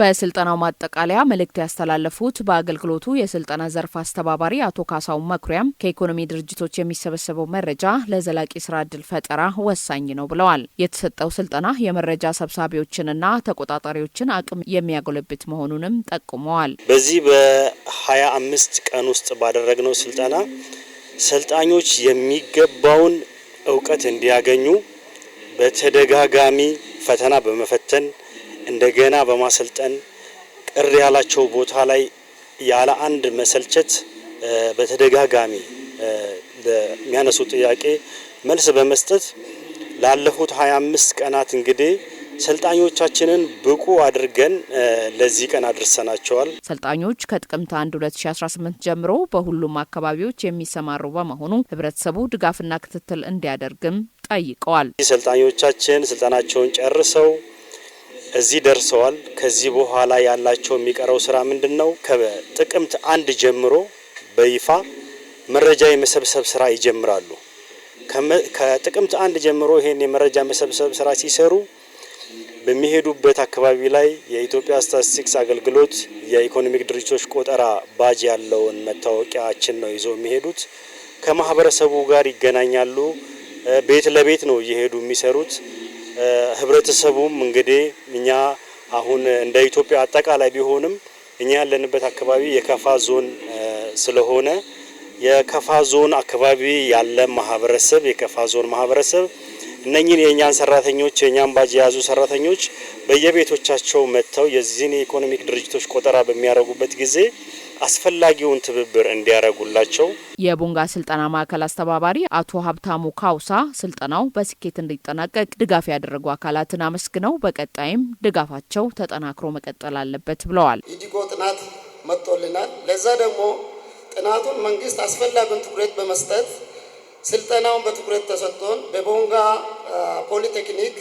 በስልጠናው ማጠቃለያ መልእክት ያስተላለፉት በአገልግሎቱ የስልጠና ዘርፍ አስተባባሪ አቶ ካሳው መኩሪያም ከኢኮኖሚ ድርጅቶች የሚሰበሰበው መረጃ ለዘላቂ ስራ እድል ፈጠራ ወሳኝ ነው ብለዋል። የተሰጠው ስልጠና የመረጃ ሰብሳቢዎችንና ተቆጣጣሪዎችን አቅም የሚያጎለብት መሆኑንም ጠቁመዋል። በዚህ በሀያ አምስት ቀን ውስጥ ባደረግነው ስልጠና ሰልጣኞች የሚገባውን እውቀት እንዲያገኙ በተደጋጋሚ ፈተና በመፈተን እንደገና በማሰልጠን ቅር ያላቸው ቦታ ላይ ያለ አንድ መሰልቸት በተደጋጋሚ የሚያነሱ ጥያቄ መልስ በመስጠት ላለፉት 25 ቀናት እንግዲህ ሰልጣኞቻችንን ብቁ አድርገን ለዚህ ቀን አድርሰናቸዋል። ሰልጣኞች ከጥቅምት 1 2018 ጀምሮ በሁሉም አካባቢዎች የሚሰማሩ በመሆኑ ህብረተሰቡ ድጋፍና ክትትል እንዲያደርግም ጠይቀዋል። ሰልጣኞቻችን ስልጠናቸውን ጨርሰው እዚህ ደርሰዋል። ከዚህ በኋላ ያላቸው የሚቀረው ስራ ምንድን ነው? ከጥቅምት አንድ ጀምሮ በይፋ መረጃ የመሰብሰብ ስራ ይጀምራሉ። ከጥቅምት አንድ ጀምሮ ይሄን የመረጃ መሰብሰብ ስራ ሲሰሩ በሚሄዱበት አካባቢ ላይ የኢትዮጵያ ስታቲስቲክስ አገልግሎት የኢኮኖሚክ ድርጅቶች ቆጠራ ባጅ ያለውን መታወቂያችን ነው ይዘው የሚሄዱት። ከማህበረሰቡ ጋር ይገናኛሉ። ቤት ለቤት ነው እየሄዱ የሚሰሩት። ህብረተሰቡም እንግዲህ እኛ አሁን እንደ ኢትዮጵያ አጠቃላይ ቢሆንም እኛ ያለንበት አካባቢ የከፋ ዞን ስለሆነ የከፋ ዞን አካባቢ ያለ ማህበረሰብ የከፋ ዞን ማህበረሰብ እነኚህን የእኛን ሰራተኞች የእኛን ባጅ የያዙ ሰራተኞች በየቤቶቻቸው መጥተው የዚህን የኢኮኖሚክ ድርጅቶች ቆጠራ በሚያደርጉበት ጊዜ አስፈላጊውን ትብብር እንዲያደርጉላቸው የቦንጋ ስልጠና ማዕከል አስተባባሪ አቶ ሀብታሙ ካውሳ ስልጠናው በስኬት እንዲጠናቀቅ ድጋፍ ያደረጉ አካላትን አመስግነው በቀጣይም ድጋፋቸው ተጠናክሮ መቀጠል አለበት ብለዋል። ኢዲጎ ጥናት መጥቶልናል። ለዛ ደግሞ ጥናቱን መንግስት አስፈላጊውን ትኩረት በመስጠት ስልጠናውን በትኩረት ተሰጥቶን በቦንጋ ፖሊቴክኒክ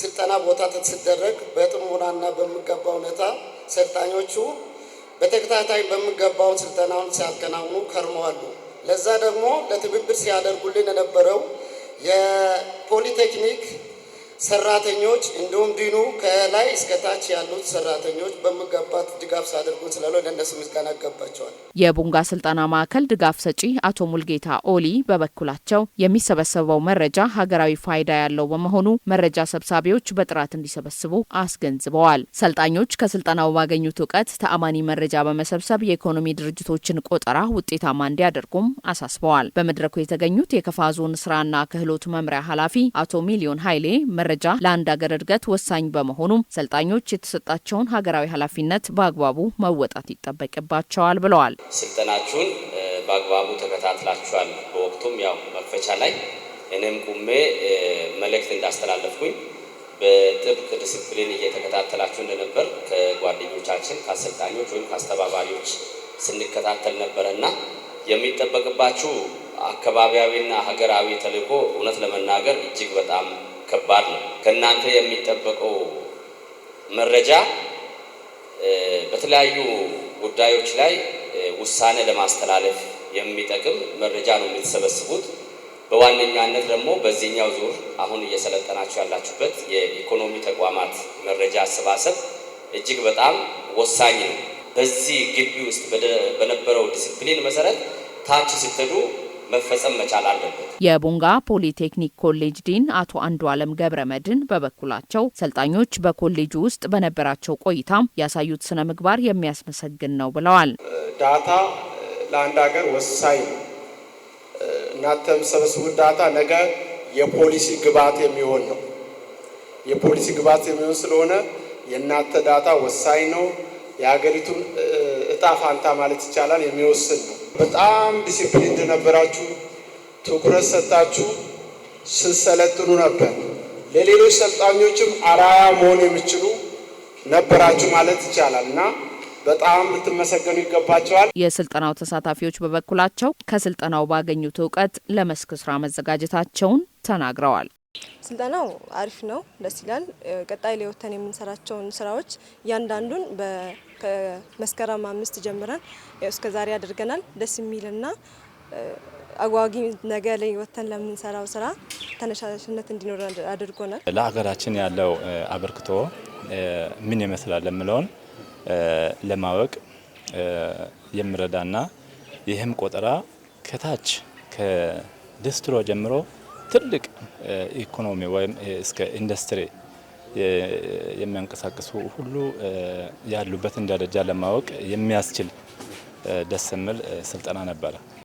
ስልጠና ቦታ ሲደረግ በጥሞናና በሚገባ ሁኔታ ሰልጣኞቹ በተከታታይ በሚገባው ስልጠናውን ሲያከናውኑ ከርመዋሉ። ለዛ ደግሞ ለትብብር ሲያደርጉልን የነበረው የፖሊቴክኒክ ሰራተኞች እንዲሁም ዲኑ ከላይ እስከታች ያሉት ሰራተኞች በመጋባት ድጋፍ ሳደርጉ ስላለ ለእነሱ ምስጋና ይገባቸዋል። የቡንጋ ስልጠና ማዕከል ድጋፍ ሰጪ አቶ ሙልጌታ ኦሊ በበኩላቸው የሚሰበሰበው መረጃ ሀገራዊ ፋይዳ ያለው በመሆኑ መረጃ ሰብሳቢዎች በጥራት እንዲሰበስቡ አስገንዝበዋል። ሰልጣኞች ከስልጠናው ባገኙት እውቀት ተአማኒ መረጃ በመሰብሰብ የኢኮኖሚ ድርጅቶችን ቆጠራ ውጤታማ እንዲያደርጉም አሳስበዋል። በመድረኩ የተገኙት የከፋ ዞን ስራና ክህሎት መምሪያ ኃላፊ አቶ ሚሊዮን ኃይሌ መረጃ ለአንድ ሀገር እድገት ወሳኝ በመሆኑም ሰልጣኞች የተሰጣቸውን ሀገራዊ ኃላፊነት በአግባቡ መወጣት ይጠበቅባቸዋል ብለዋል። ስልጠናችሁን በአግባቡ ተከታትላችኋል። በወቅቱም ያው መክፈቻ ላይ እኔም ቁሜ መልእክት እንዳስተላለፍኩኝ በጥብቅ ዲስፕሊን እየተከታተላችሁ እንደነበር ከጓደኞቻችን ከአሰልጣኞች ወይም ከአስተባባሪዎች ስንከታተል እና የሚጠበቅባችሁ አካባቢያዊና ሀገራዊ ተልኮ እውነት ለመናገር እጅግ በጣም ከባድ ነው። ከእናንተ የሚጠበቀው መረጃ በተለያዩ ጉዳዮች ላይ ውሳኔ ለማስተላለፍ የሚጠቅም መረጃ ነው የምትሰበስቡት። በዋነኛነት ደግሞ በዚህኛው ዙር አሁን እየሰለጠናችሁ ያላችሁበት የኢኮኖሚ ተቋማት መረጃ አሰባሰብ እጅግ በጣም ወሳኝ ነው። በዚህ ግቢ ውስጥ በነበረው ዲስፕሊን መሰረት ታች ስትሄዱ መፈጸም መቻል አለበት። የቦንጋ ፖሊቴክኒክ ኮሌጅ ዲን አቶ አንዱ አለም ገብረ መድን በበኩላቸው ሰልጣኞች በኮሌጁ ውስጥ በነበራቸው ቆይታ ያሳዩት ስነ ምግባር የሚያስመሰግን ነው ብለዋል። ዳታ ለአንድ ሀገር ወሳኝ ነው። እናንተ የምትሰበስቡት ዳታ ነገ የፖሊሲ ግብዓት የሚሆን ነው። የፖሊሲ ግብዓት የሚሆን ስለሆነ የእናንተ ዳታ ወሳኝ ነው። የሀገሪቱን እጣ ፋንታ ማለት ይቻላል የሚወስን ነው። በጣም ዲሲፕሊን ነበራችሁ። ትኩረት ሰጣችሁ ስትሰለጥኑ ነበር። ለሌሎች ሰልጣኞችም አራያ መሆን የሚችሉ ነበራችሁ ማለት ይቻላል እና በጣም ልትመሰገኑ ይገባቸዋል። የስልጠናው ተሳታፊዎች በበኩላቸው ከስልጠናው ባገኙት እውቀት ለመስክ ስራ መዘጋጀታቸውን ተናግረዋል። ስልጠናው አሪፍ ነው፣ ደስ ይላል። ቀጣይ ላይ ወተን የምንሰራቸውን ስራዎች እያንዳንዱን መስከረም አምስት ጀምረን እስከ ዛሬ አድርገናል። ደስ የሚልና አጓጊ ነገ ላይ ወተን ለምንሰራው ስራ ተነሳሽነት እንዲኖር አድርጎናል። ለሀገራችን ያለው አበርክቶ ምን ይመስላል የምለውን ለማወቅ የምረዳና ይህም ቆጠራ ከታች ከድስትሮ ጀምሮ ትልቅ ኢኮኖሚ ወይም እስከ ኢንዱስትሪ የሚያንቀሳቅሱ ሁሉ ያሉበትን ደረጃ ለማወቅ የሚያስችል ደስ የሚል ስልጠና ነበረ።